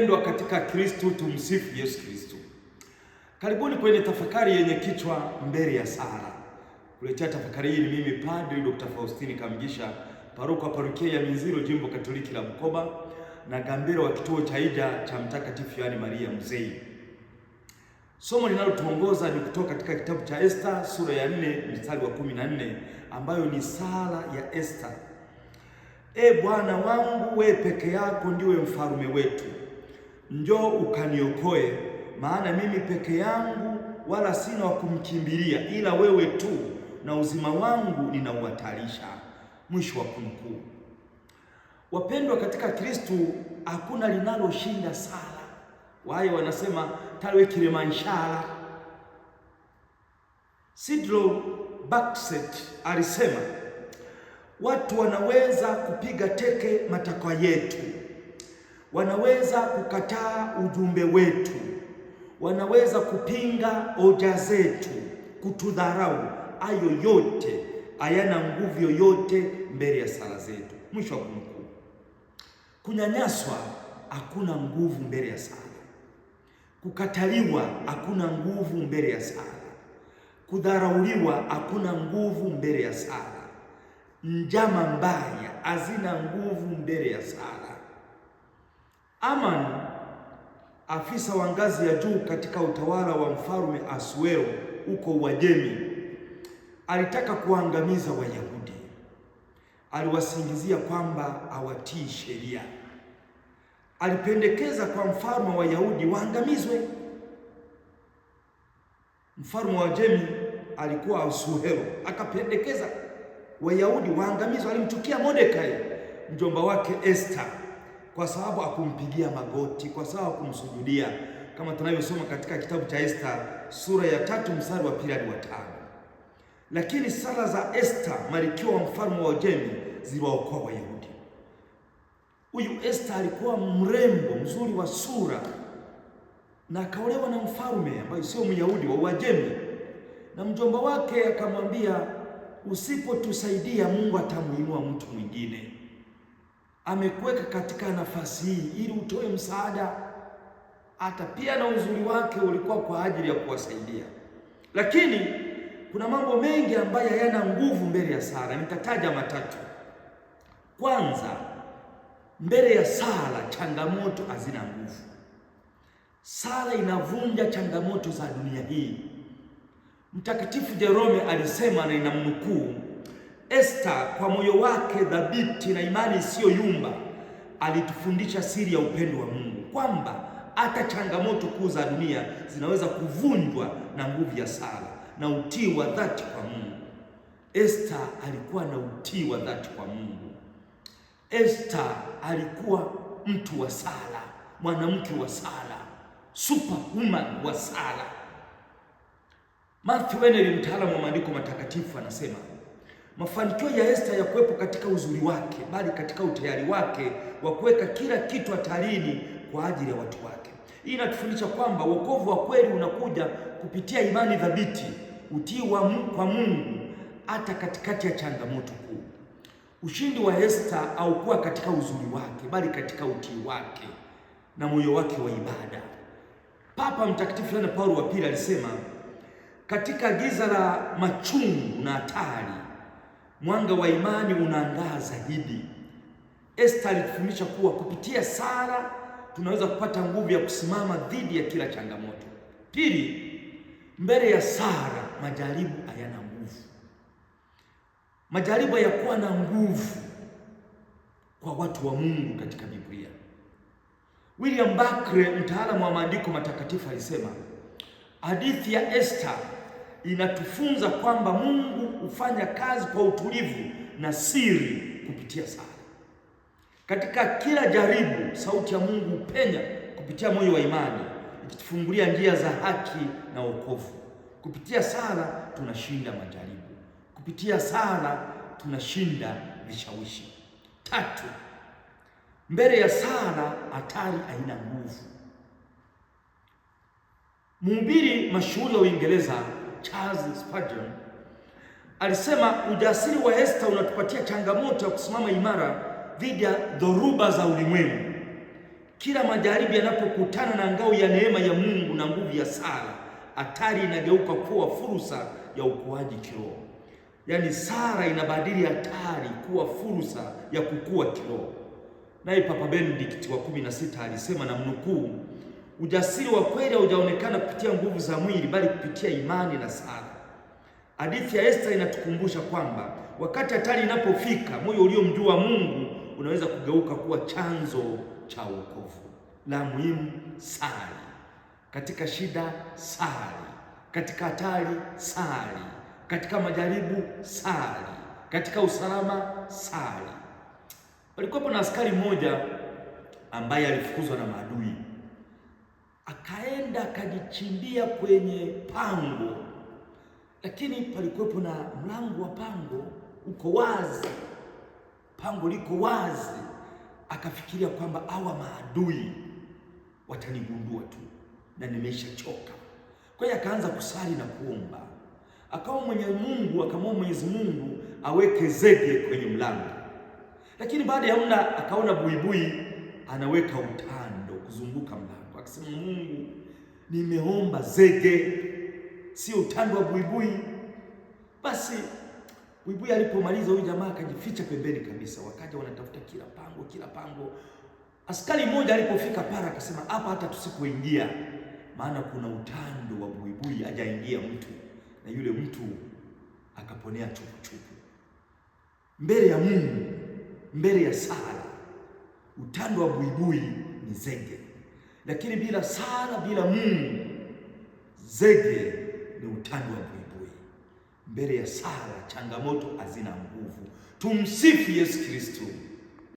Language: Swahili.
Mpendwa katika Kristo, tumsifu Yesu Kristo. Karibuni kwenye tafakari yenye kichwa mbele ya sala. Kuletea tafakari hii ni mimi Padri Dr. Faustini Kamugisha, paroko wa parokia ya Minziro, jimbo Katoliki la Bukoba na gambero wa kituo cha Ida cha Mtakatifu Yohane Maria Mzee. Somo linalotuongoza ni kutoka katika kitabu cha Esta sura ya 4 mstari wa 14 ambayo ni sala ya Esta. E Bwana wangu, we peke yako ndiwe mfalume wetu njoo ukaniokoe, maana mimi peke yangu wala sina wa kumkimbilia ila wewe tu, na uzima wangu ninauhatarisha. Mwisho wa kunukuu. Wapendwa katika Kristo, hakuna linaloshinda sala. Wao wanasema taliwe Kilimanjaro. Sidro Bakset alisema watu wanaweza kupiga teke matakwa yetu wanaweza kukataa ujumbe wetu, wanaweza kupinga hoja zetu, kutudharau. Hayo yote hayana nguvu yoyote mbele ya sala zetu. Mwisho wa kumkuu Kunyanyaswa hakuna nguvu mbele ya sala, kukataliwa hakuna nguvu mbele ya sala, kudharauliwa hakuna nguvu mbele ya sala, njama mbaya hazina nguvu mbele ya sala. Aman, afisa wa ngazi ya juu katika utawala wa mfalme Asuero huko Uajemi, alitaka kuangamiza Wayahudi. Aliwasingizia kwamba hawatii sheria. Alipendekeza kwa mfalme wa Wayahudi waangamizwe. Mfalme wa Uajemi alikuwa Asuero, akapendekeza Wayahudi waangamizwe. Alimchukia Mordekai, mjomba wake Esther kwa sababu akumpigia magoti, kwa sababu akumsujudia, kama tunavyosoma katika kitabu cha Esta sura ya tatu mstari wa pili hadi wa tano. Lakini sala za Esta, malikio wa mfalme wa Uajemi, ziliwaokoa Wayahudi. Huyu Esta alikuwa mrembo mzuri wa sura na akaolewa na mfalme ambaye sio Myahudi wa Uajemi, na mjomba wake akamwambia, usipotusaidia Mungu atamuinua mtu mwingine amekuweka katika nafasi hii ili utoe msaada, hata pia na uzuri wake ulikuwa kwa ajili ya kuwasaidia. Lakini kuna mambo mengi ambayo hayana nguvu mbele ya Sara, nitataja matatu. Kwanza, mbele ya Sara changamoto hazina nguvu. Sara inavunja changamoto za dunia hii. Mtakatifu Jerome alisema na inamnukuu Esther kwa moyo wake dhabiti na imani isiyoyumba alitufundisha siri ya upendo wa Mungu, kwamba hata changamoto kuu za dunia zinaweza kuvunjwa na nguvu ya sala na utii wa dhati kwa Mungu. Esther alikuwa na utii wa dhati kwa Mungu. Esther alikuwa mtu wa sala, mwanamke wa sala, superwoman wa sala. Matthew Henry, mtaalamu wa maandiko matakatifu, anasema Mafanikio ya Esther ya kuwepo katika uzuri wake, bali katika utayari wake wa kuweka kila kitu hatarini kwa ajili ya watu wake. Hii inatufundisha kwamba wokovu wa kweli unakuja kupitia imani thabiti, utii kwa Mungu hata katikati ya changamoto kuu. Ushindi wa Esther haukuwa katika uzuri wake, bali katika utii wake na moyo wake wa ibada. Papa Mtakatifu Yohane Paulo wa Pili alisema, katika giza la machungu na hatari Mwanga wa imani unaandaa zaidi. Esta alitufundisha kuwa kupitia sala tunaweza kupata nguvu ya kusimama dhidi ya kila changamoto. Pili, mbele ya sala majaribu hayana nguvu. Majaribu hayakuwa na nguvu kwa watu wa Mungu katika Biblia. William bakre mtaalamu wa maandiko matakatifu, alisema hadithi ya Esta inatufunza kwamba Mungu hufanya kazi kwa utulivu na siri kupitia sala. Katika kila jaribu, sauti ya Mungu hupenya kupitia moyo wa imani, ikitufungulia njia za haki na wokovu. Kupitia sala tunashinda majaribu, kupitia sala tunashinda vishawishi. Tatu, mbele ya sala hatari haina nguvu. Mhubiri mashuhuri wa Uingereza Charles Spurgeon alisema ujasiri wa Esta unatupatia changamoto ya kusimama imara dhidi ya dhoruba za ulimwengu. Kila majaribu yanapokutana na ngao ya neema ya Mungu na nguvu ya Sara, hatari inageuka kuwa fursa ya ukuaji kiroho. Yaani, Sara inabadili hatari kuwa fursa ya kukua kiroho. Naye Papa Benedict wa kumi na sita alisema na mnukuu Ujasiri wa kweli haujaonekana kupitia nguvu za mwili, bali kupitia imani na sala. Hadithi ya Esta inatukumbusha kwamba wakati hatari inapofika, moyo uliomjua Mungu unaweza kugeuka kuwa chanzo cha wokovu. La muhimu, sali katika shida, sali katika hatari, sali katika majaribu, sali katika usalama, sali. palikuwapo na askari mmoja ambaye alifukuzwa na maadui akaenda akajichimbia kwenye pango, lakini palikuwepo na mlango wa pango uko wazi, pango liko wazi. Akafikiria kwamba hawa maadui watanigundua tu na nimeshachoka. Kwa hiyo akaanza kusali na kuomba, akawa mwenye Mungu akamwomba Mwenyezi Mungu aweke zege kwenye mlango, lakini baada ya muda akaona buibui anaweka utando kuzunguka mlango Akasema, Mungu, nimeomba zege, sio utando wa buibui. Basi buibui alipomaliza, huyu jamaa akajificha pembeni kabisa. Wakaja wanatafuta kila pango, kila pango. Askari mmoja alipofika pale akasema, hapa hata tusikuingia, maana kuna utando wa buibui, hajaingia mtu, na yule mtu akaponea chupuchupu mbele ya Mungu, mbele ya Sara. Utando wa buibui ni zege lakini bila sala, bila Mungu zege ni utani wa buibui. Mbele ya sala, changamoto hazina nguvu. Tumsifu Yesu Kristo.